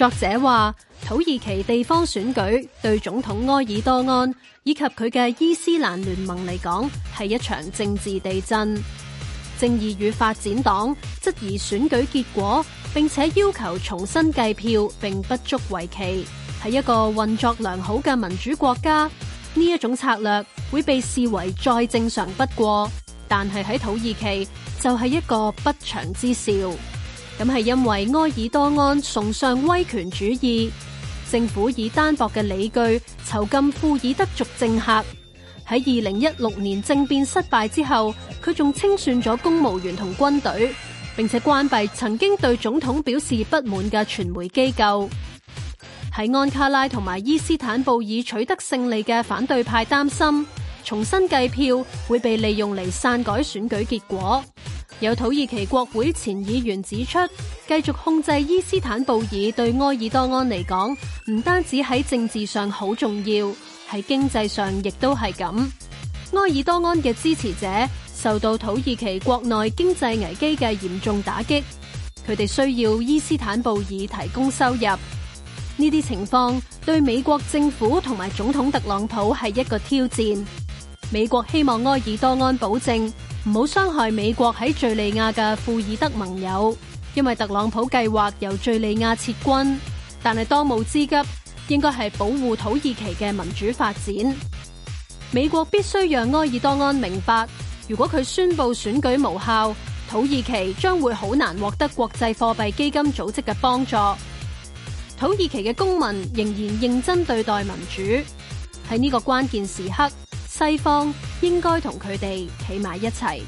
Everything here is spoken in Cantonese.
作者話：土耳其地方選舉對總統埃爾多安以及佢嘅伊斯蘭聯盟嚟講，係一場政治地震。正義與發展黨質疑選舉結果，並且要求重新計票，並不足為奇。喺一個運作良好嘅民主國家，呢一種策略會被視為再正常不過。但係喺土耳其，就係一個不祥之兆。咁係因為埃爾多安崇尚威權主義，政府以單薄嘅理據囚禁庫爾德族政客。喺二零一六年政變失敗之後，佢仲清算咗公務員同軍隊，並且關閉曾經對總統表示不滿嘅傳媒機構。喺安卡拉同埋伊斯坦布爾取得勝利嘅反對派擔心，重新計票會被利用嚟篡改選舉結果。有土耳其國會前議員指出，繼續控制伊斯坦布爾對埃爾多安嚟講，唔單止喺政治上好重要，喺經濟上亦都係咁。埃爾多安嘅支持者受到土耳其國內經濟危機嘅嚴重打擊，佢哋需要伊斯坦布爾提供收入。呢啲情況對美國政府同埋總統特朗普係一個挑戰。美國希望埃爾多安保證。唔好傷害美國喺敘利亞嘅庫爾德盟友，因為特朗普計劃由敘利亞撤軍，但係當務之急應該係保護土耳其嘅民主發展。美國必須讓埃爾多安明白，如果佢宣布選舉無效，土耳其將會好難獲得國際貨幣基金組織嘅幫助。土耳其嘅公民仍然認真對待民主，喺呢個關鍵時刻。西方應該同佢哋企埋一齊。